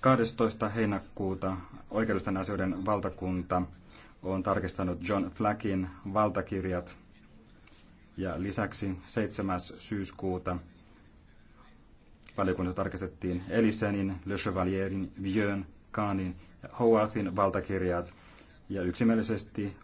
12. heinäkuuta oikeudellisten asioiden valtakunta on tarkistanut John Flackin valtakirjat ja lisäksi 7. syyskuuta valiokunnassa tarkistettiin Elisenin, Le Chevalierin, Vieux, Kaanin ja Howarthin valtakirjat ja yksimielisesti